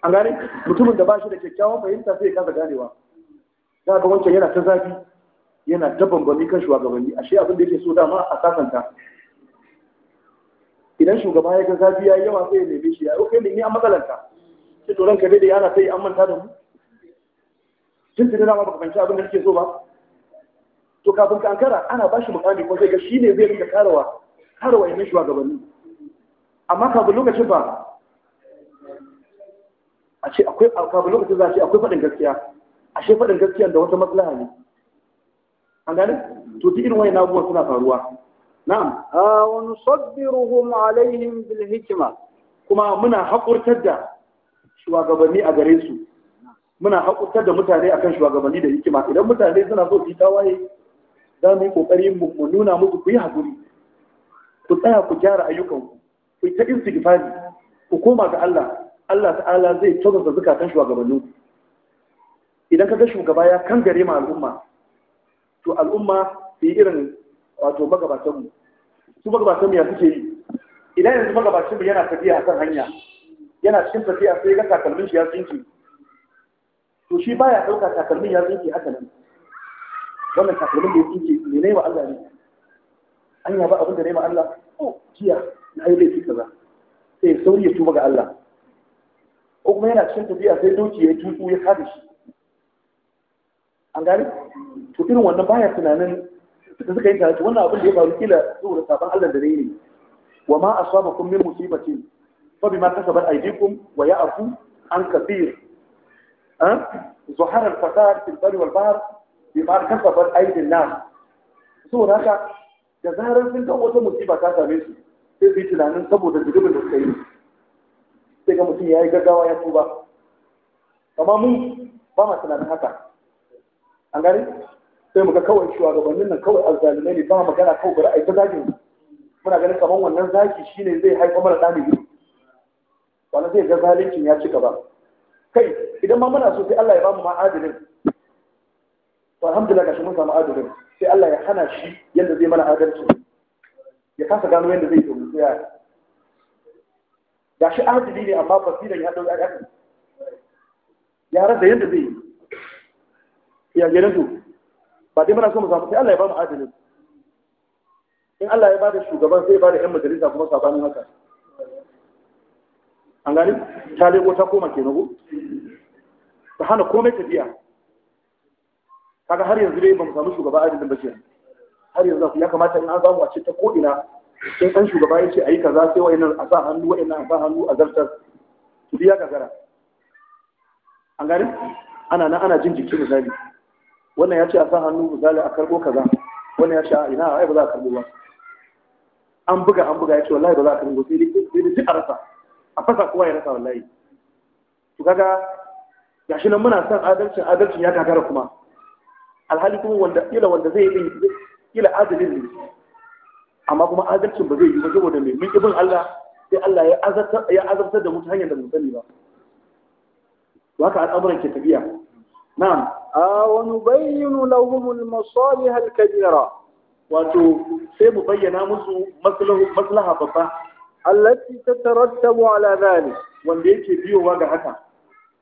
an gane mutumin da ba shi da kyakkyawan fahimta sai ya kasa ganewa za ga wancan yana ta zafi yana ta bambami kan shugabanni ashe abin da yake so dama a sasanta idan shugaba ya ga zafi ya yi yawa sai ya neme shi ya yi kai ne a matsalanta sai to ranka dai da yana sai an manta da mu tun tuni dama baka fahimci abin da yake so ba to kafin ka ana ba shi mukami ko sai ga shi ne zai rinka karawa karawa yayin shugabanni amma kafin lokacin ba a ce akwai kafin lokacin za a ce akwai faɗin gaskiya ashe faɗin gaskiya da wata matsala ne an gane to duk irin wayannan suna faruwa na'am wa nusabbiruhum alaihim bil hikima. kuma muna haƙurtar da shugabanni a gare su muna haƙurtar da mutane akan shugabanni da hikima idan mutane suna so su yi tawaye za mu yi ƙoƙari mu nuna muku, ku yi haƙuri ku tsaya ku gyara ayyukanku ku ta istighfari ku koma ga Allah Allah ta'ala zai tozarta zukatan shugabannin idan ka ga shugaba ya kan gare ma al'umma to al'umma su yi irin wato magabatanmu su magabatanmu ya suke yi idan yanzu magabatanmu yana tafiya a kan hanya yana cikin tafiya sai ga takalmin shi ya tsinke to shi baya ɗauka takalmin ya tsinke haka nan wannan takalmin da ya tsinke ne ne wa Allah ne an yaba abin da ne ma Allah ko oh, jiya na yi laifi kaza sai sauri ya tuba ga Allah ko kuma yana cikin tafiya sai doki ya tuku ya kada shi an gani to irin wannan baya tunanin da suka yi karatu wannan abin da ya faru kila saboda sabon Allah da ne wa ma asabakum min musibatin fa bima kasabat aydikum wa ya'fu an kathir ha zuhar al-fasad fil bari wal bahr bima kasabat aydin nas saboda haka da zarar sun ga wata musiba ta same su sai su yi tunanin saboda zugubin da suka yi sai ga mutum ya yi gaggawa ya tuba amma mun ba ma tunanin haka an gani sai muka kawai shugabannin nan kawai azzalimai ne ba magana kawai bari a yi ta zagin muna ganin kamar wannan zaki shine zai haifa mana dami biyu wannan zai ga zalincin ya cika ba kai idan ma muna so sai Allah ya bamu ma adalin to alhamdulillah gashi mun samu adalin sai Allah ya hana shi yadda zai mana adalci ya kasa gano yadda zai yi tsaya shi adali ne amma basiran ya dauka ya ya rasa yadda zai yi ya gidan su ba dai muna so mu samu sai Allah ya ba mu adalci in Allah ya ba da shugaban sai ya ba da yan majalisa kuma sabanin haka an gani ta leko ta koma ke nago ta hana komai tafiya kaga har yanzu dai ba mu samu shugaba adalin ba ce har yanzu ya kamata in an samu a ce ta ko'ina sai an shugaba ya ce a yi kaza sai wa'in a sa hannu wa'in a sa hannu a zartar su biya gagara an gani ana nan ana jin jiki misali wannan ya ce a san hannu misali a karɓo kaza wannan ya ce a ina ai ba za a karɓo ba an buga an buga ya ce wallahi ba za a karɓo sai dai sai a rasa a fasa kowa ya rasa wallahi to kaga gashi nan muna son adalcin adalcin ya gagara kuma alhali kuma wanda kila wanda zai yi kila adalin ne amma kuma adalcin ba zai yi ba saboda mai mun ibin Allah sai Allah ya azabtar ya azabtar da mu ta hanyar da mu sani ba to haka al'amuran ke tafiya na'am ونبين لهم المصالح الكبيرة wato sai mu bayyana musu maslaha babba allati tatarattabu ala dhalik wanda yake biyowa ga haka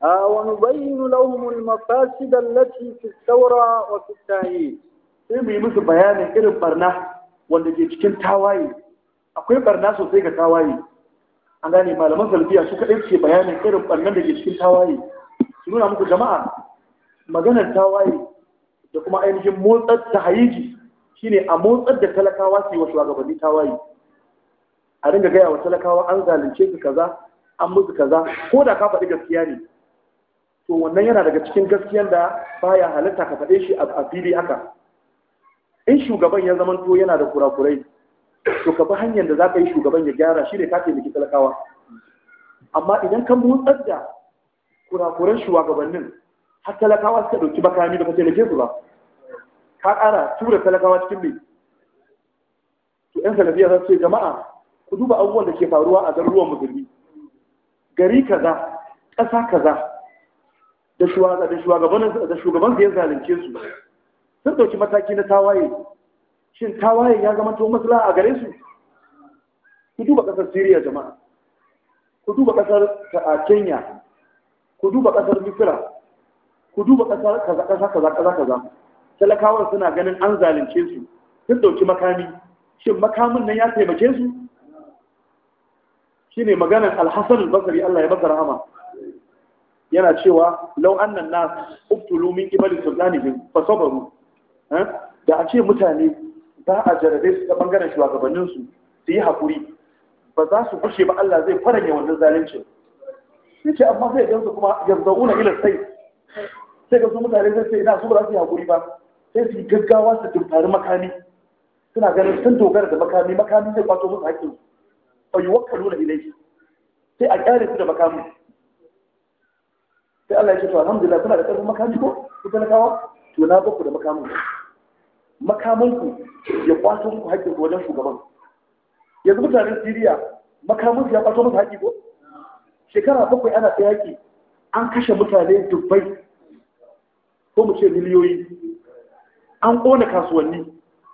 wa nubayyinu lahum al-mafasid allati fi thawra wa fi tahi sai mu yi musu bayanin irin barna wanda ke cikin tawaye akwai barna sosai ga tawaye an gane malaman salfiya su kaɗai suke bayanin irin barnan da cikin tawaye su nuna muku jama'a maganar tawaye da kuma ainihin motsar ta hayiji shine a motsar da talakawa su yi wa shugabanni tawaye a ringa gaya wa talakawa an zalunce su kaza an musu kaza ko da ka faɗi gaskiya ne to wannan yana daga cikin gaskiyan da baya halitta ka faɗe shi a fili haka in shugaban ya zamanto yana da kurakurai to ka bi hanyar da za ka yi shugaban ya gyara shi ne ka taimaki talakawa amma idan ka motsar da kurakuran shugabannin har talakawa suka ɗauki makami da ka taimake su ba ka ƙara tura talakawa cikin mai to yan salafiya za su ce jama'a ku duba abubuwan da ke faruwa a garuruwan musulmi gari kaza ƙasa kaza da shugaban da shugaban su ya zalunce su sun ɗauki mataki na tawaye shin tawaye ya zama to maslaha a gare su ku duba ƙasar Siriya jama'a ku duba ƙasar Kenya ku duba ƙasar Misira ku duba ƙasa kaza kaza kaza kaza talakawan suna ganin an zalunce su sun ɗauki makami shin makamin nan ya taimake su shine maganar alhassan basari Allah ya baka rahama yana cewa lau'annan annan nas uftulu min qibali sultanihim fa eh? da a ce mutane za a jarabe su ta bangaren shugabannin su su yi hakuri ba za su bushe ba Allah zai faranya wannan zalunci ce amma zai gansu kuma yanzu ila sai sai ka su mutane sai sai ina su ba su yi hakuri ba sai su yi gaggawa su tuntari makami suna ganin sun dogara da makami makami zai kwato musu hakkin su fa yuwakkalu na ilai? sai a kyale su da makami sai Allah ya ce to alhamdulillah suna da karfin makami ko ku talakawa to na ba ku da makamin makamin ku ya kwato muku hakkin ku wajen shugaban yanzu mutanen Siriya makamin su ya kwato musu hakki ko shekara bakwai ana tsayaki an kashe mutane dubbai ko mu ce miliyoyi an ƙona kasuwanni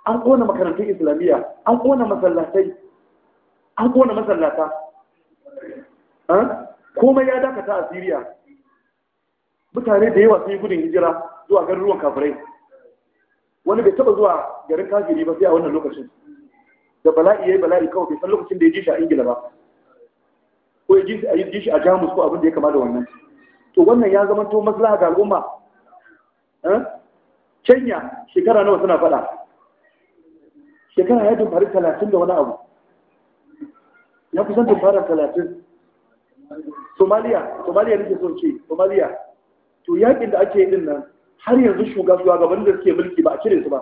an ƙona makarantun islamiyya an ƙona masallatai an ƙona masallata komai ya dakata a siriya mutane da yawa sun yi gudun hijira zuwa garuruwan kafirai wani bai taɓa zuwa garin kafiri ba sai a wannan lokacin da bala'i ya yi bala'i kawai bai san lokacin da ya ji shi a ingila ba ko ya ji shi a jamus ko abin da ya kama da wannan to wannan ya zama to maslaha ga al'umma Eh? kenya shekara nawa suna faɗa shekara ya fari talatin da wani abu ya kusan dumfara talatin somaliya somaliya nake so ce somaliya to yakin da ake yi din nan har yanzu shugabannin da suke mulki ba a cire su ba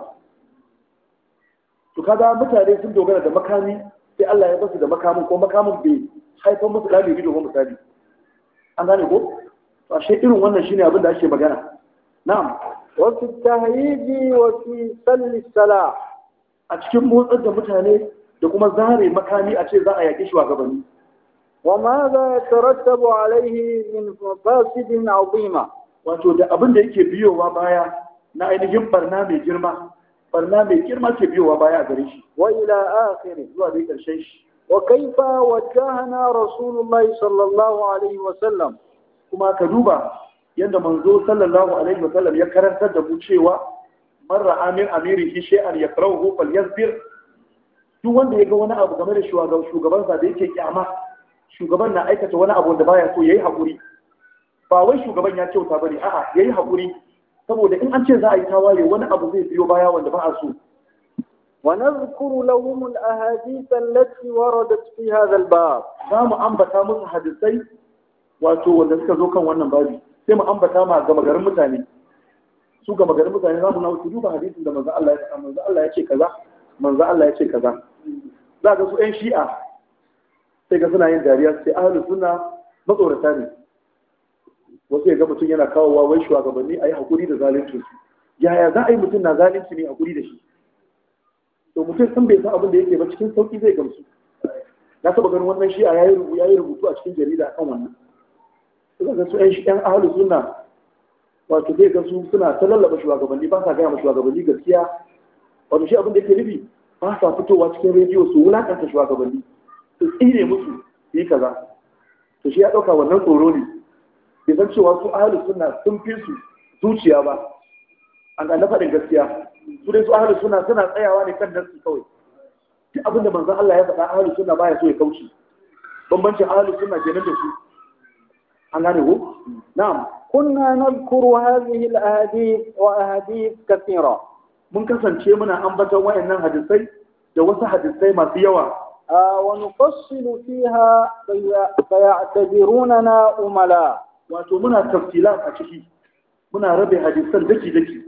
to kaga mutane sun dogara da makami sai Allah ya basu da makamin ko makamin bai haifar musu da bai dogon misali an gane ko to ashe irin wannan shine abin da ake magana na'am وفي التهييج وفي سل السلاح a cikin motsar da mutane da kuma zare makami a ce za a yaƙi shugabanni wa ma za tarattabu alaihi min fasidin azima wato da abin da yake biyowa baya na ainihin barna mai girma barna mai girma ke biyowa baya a gare shi wa ila akhiri zuwa dai shi wa kaifa sallallahu alaihi wa sallam kuma ka duba yadda manzo sallallahu alaihi wa sallam ya karantar da mu cewa man ra'a min amirihi shay'an yakrahu falyasbir duk wanda ya ga wani abu game da shugaban shugabansa da yake kyama shugaban na aikata wani abu da baya so yayi hakuri ba wai shugaban ya kyauta bane a'a yayi hakuri saboda in an ce za a yi tawaye wani abu zai biyo baya wanda ba a so ونذكر لهم الأحاديث التي وردت في هذا الباب. نعم أنبتا مثل حديثي وأتو ونذكر ذوكا ونبابي. sai mu ambata ma ga magarin mutane su ga magarin mutane za mu na wuce duba hadisin da manzo Allah ya ce manzo Allah ya ce kaza manzo Allah ya ce kaza za ga su ɗan shi'a sai ga suna yin dariya sai ahli sunna matsorata ne wasu ya ga mutum yana kawowa wai shugabanni a yi haƙuri da zalunci yaya za a yi mutum na zalunci ne haƙuri da shi to mutum sun bai san abin da yake ba cikin sauƙi zai gamsu na saba ganin wannan shi'a ya yi rubutu a cikin jarida akan wannan suka ga su ƴan ɗan ahlus suna wato zai ga su suna ta lallaba shugabanni ba sa gaya ma shugabanni gaskiya wato shi abin da yake nufi ba sa fitowa cikin rediyo su wulakanta shugabanni su tsire musu su yi kaza to shi ya ɗauka wannan tsoro ne bai san cewa su ahlus suna sun fi su zuciya ba an ga na faɗin gaskiya su dai su ahlus suna suna tsayawa ne kan nasu kawai duk abin da manzon Allah ya faɗa suna ba baya so ya kauce bambancin ahlus sunna kenan da su an gane ku na'am kunna nadhkuru hadhihi al-ahadith wa ahadith mun kasance muna ambaton wayannan hadisai da wasu hadisai masu yawa ونفصل فيها فيعتبروننا أملا wato muna tafsila a ciki muna rabe hadisan daki daki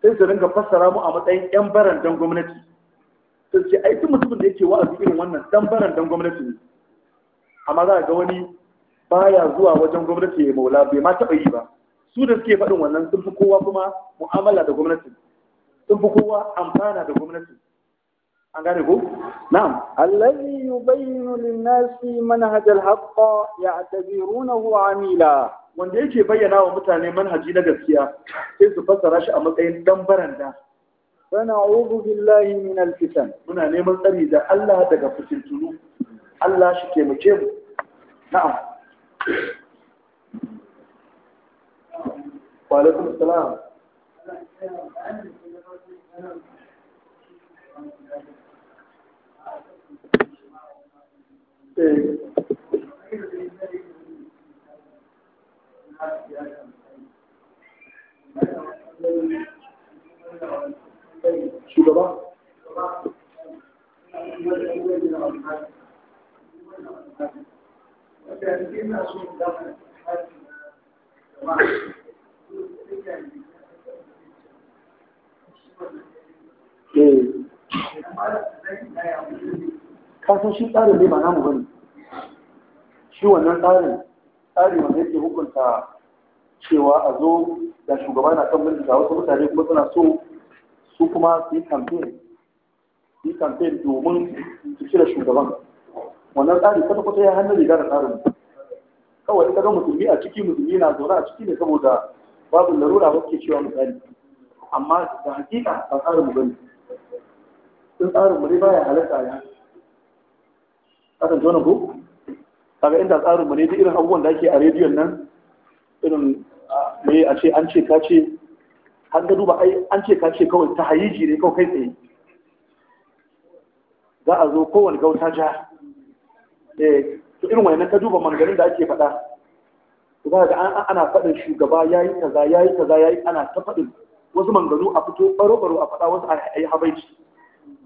sai su ringa fassara mu a matsayin yan barandan gwamnati sai aikin mutumin da yake wa'azi irin wannan dan barandan gwamnati ne amma za ga wani baya zuwa wajen gwamnati ya maula bai ma taɓa yi ba su da suke faɗin wannan sun fi kowa kuma mu'amala da gwamnati sun fi kowa amfana da gwamnati an gane ko na'am allazi yubayyinu lin-nasi manhajal haqqa ya'tabirunahu amila wanda yake bayyana wa mutane manhaji na gaskiya sai su fassara shi a matsayin dan baranda a'udhu billahi min al-fitan muna neman tsari da Allah daga fitintunu Allah shi ke mu na'am وعليكم السلام Eh. kasan shi tsarin ne ba namu bane shi wannan tsarin tsari wanda yake hukunta cewa a zo da shugaba na kan mulki a wasu mutane kuma suna so su kuma su yi campaign su yi campaign domin su cire shugaban wannan tsari kada kusa ya hannun riga da tsarin kawai ita ga musulmi a ciki musulmi na zaune a ciki ne saboda babu larura wacce cewa misali amma da hakika a tsarin mu bane sun tsarin mu ne baya halatta ya kasan wani ko kaga inda tsarin mu ne duk irin abubuwan da ake a rediyon nan irin ah, me a ce an ce ka ce har ga duba ai an ce ka ce kawai ta hayiji ne kawai kai tsaye za a zo kowane gauta ja eh to irin wani ka duba manganin da ake faɗa to za ga ana faɗin shugaba yi kaza yayi kaza yi ana ta faɗin wasu manganu a fito baro-baro a faɗa wasu a yi habaici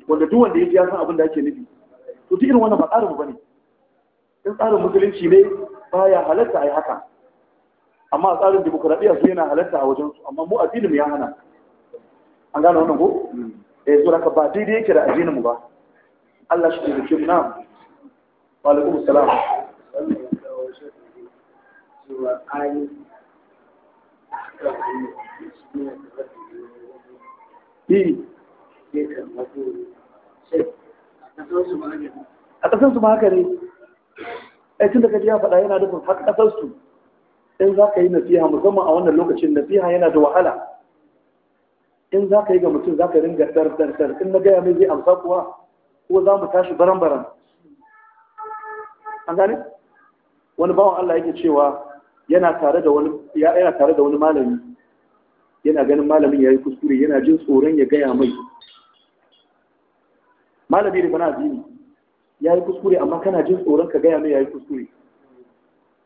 wanda duk wanda ya ji ya san abin da ake nufi to duk irin wannan ba tsarin ba ne in tsarin musulunci ne ba ya halatta a yi haka amma a tsarin demokuraɗiyya su yana halatta a wajen su amma mu addinin mu ya hana an gane wannan ko hmm. eh so haka ba daidai yake da addinin mu ba Allah shi ke da na. wa alaikum salam a ƙasar su ma haka ne a tun da kaji ya faɗa yana nufin haka ƙasar su in za ka yi nasiha musamman a wannan lokacin nasiha yana da wahala in za ka yi ga mutum za ka ringa dar dar in na gaya mai zai amsa kuwa ko za mu tashi baran baran an gane wani bawan Allah yake cewa yana tare da wani yana tare da wani malami yana ganin malamin yayi kuskure yana jin tsoron ya gaya mai malami ne bana addini yayi kuskure amma kana jin tsoron ka gaya mai yayi kuskure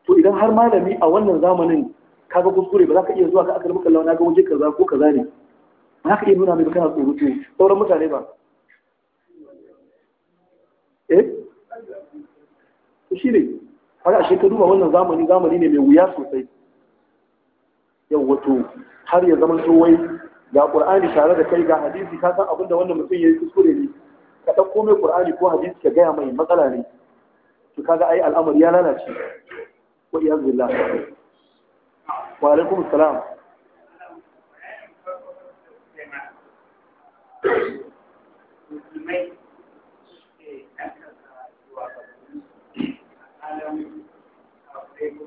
to idan har malami a wannan zamanin kaga kuskure ba za ka iya zuwa ka akal maka launa ga waje kaza ko kaza ne ba za ka iya nuna mai ba kana tsoro to sauran mutane ba eh shi ne har ashe ka duba wannan zamani zamani ne mai wuya sosai yau wato har ya zama to wai ga qur'ani tare da kai ga hadisi ka san abinda wannan mutum yayi kuskure ne ka dauko mai qur'ani ko hadisi ka gaya mai matsala ne to kaga ai al'amari ya lalace wa iyaz wa alaikum assalam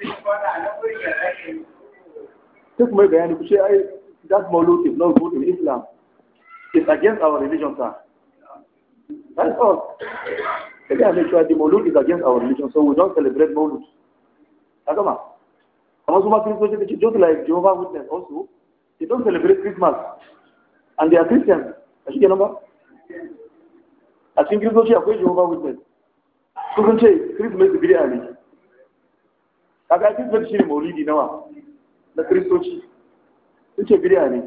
sai kuma yi bayani kuce ai that motive not good in Islam is against our religion sir that's all sai I make sure the Maulud is against our religion so we don't celebrate Maulud a gama kamar su ma kiristoci just like Jehovah Witness also they don't celebrate Christmas and they are Christians a shi kenan ba a cikin kiristoci akwai Jehovah Witness su sun ce Christmas bid'a ne kaga sun san shine maulidi nawa na kristoci sun ce ne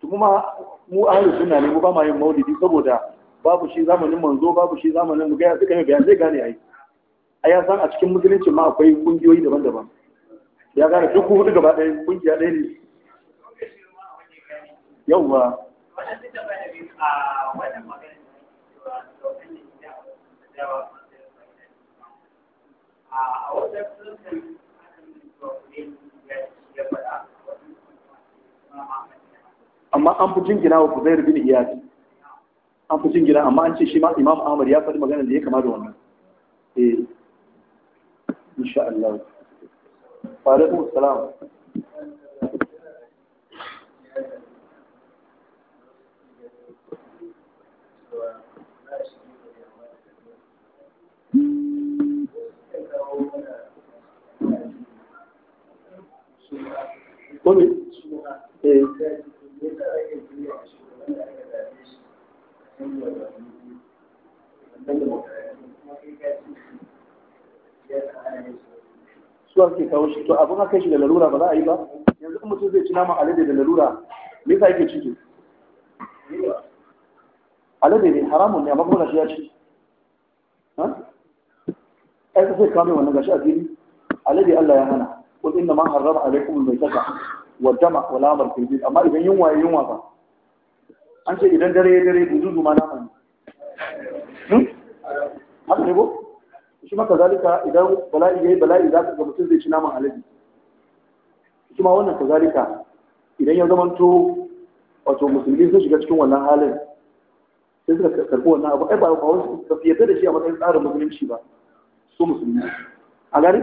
to kuma mu ahlu sunna ne mu ba ma yin maulidi saboda babu shi zamanin manzo babu shi zamanin mu gaya suka yi bayan zai gane ai a ya san a cikin musulunci ma akwai kungiyoyi daban-daban ya gane duk hudu gaba ɗaya kungiya ɗaya ne yauwa a wajen amma an fi jingina wa Kuzair bin Iyad an fi jingina amma an ce shi ma Imam Ahmad ya faɗi magana da ya kama da wannan eh insha Allah wa salam. ko Suwa eh kawo shi to abin haka shi da lalura ba za a yi ba yanzu kuma mutum zai ci nama alade da lalura me yasa yake ciki alade ne haramun ne amma kuma shi ya ci ai sai kawo mai wannan gashi a fili alade Allah ya hana قل إنما حرم عليكم الميتة والدم والعمل في البيت أما إذا ينوى ينوى با أنت إذا دري دري بزوز ما نعمل haka ne ko shi maka zalika idan bala'i yayi bala'i za ka ga mutum zai ci naman alaji shi ma wannan kazalika idan ya zamanto wato musulmi sun shiga cikin wannan halin sai suka karɓi wannan abu ai ba ba wasu ba su da shi a matsayin tsarin musulunci ba su musulmi a gari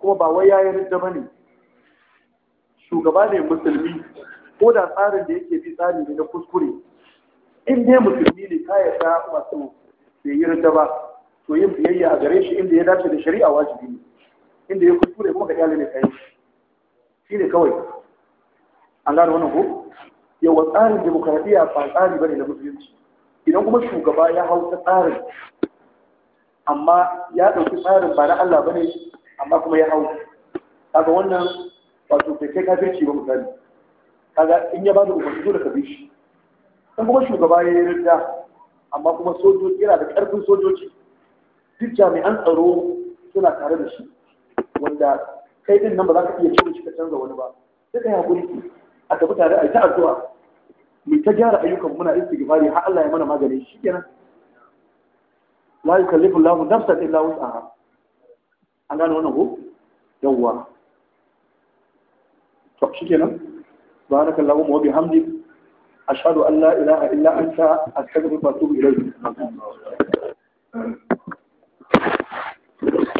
kuma ba wai yayin da ba ne shugaba ne musulmi ko da tsarin da yake bi tsari ne na kuskure in dai musulmi ne ka yarda masu bai yi ridda ba to yin biyayya a gare shi inda ya dace da shari'a wajibi ne inda ya kuskure kuma ka kyale ne kai shi ne kawai an gane wannan ko yawa tsarin demokradiyya ba tsari bane na musulunci idan kuma shugaba ya hau ta tsarin amma ya ɗauki tsarin ba na Allah ba ne. amma kuma ya hau kaga wannan wato bai kai kafirci ba misali kaga in ya bada umarni dole ka bi shi in kuma shugaba ya yi rinda amma kuma sojoji yana da ƙarfin sojoji duk jami'an tsaro suna tare da shi wanda kai din nan ba za ka iya cire shi ka canza wani ba sai ka yi hakuri a tafi tare a yi ta addu'a mu ta gyara ayyukan muna istighfari har Allah ya mana magani shi kenan la yukallifu Allahu nafsan illa wus'aha an gane wannan ko yawwa to shikenan baraka Allahu wa bihamdi ashhadu an la ilaha illa anta astaghfiruka wa atubu ilayk Thank you.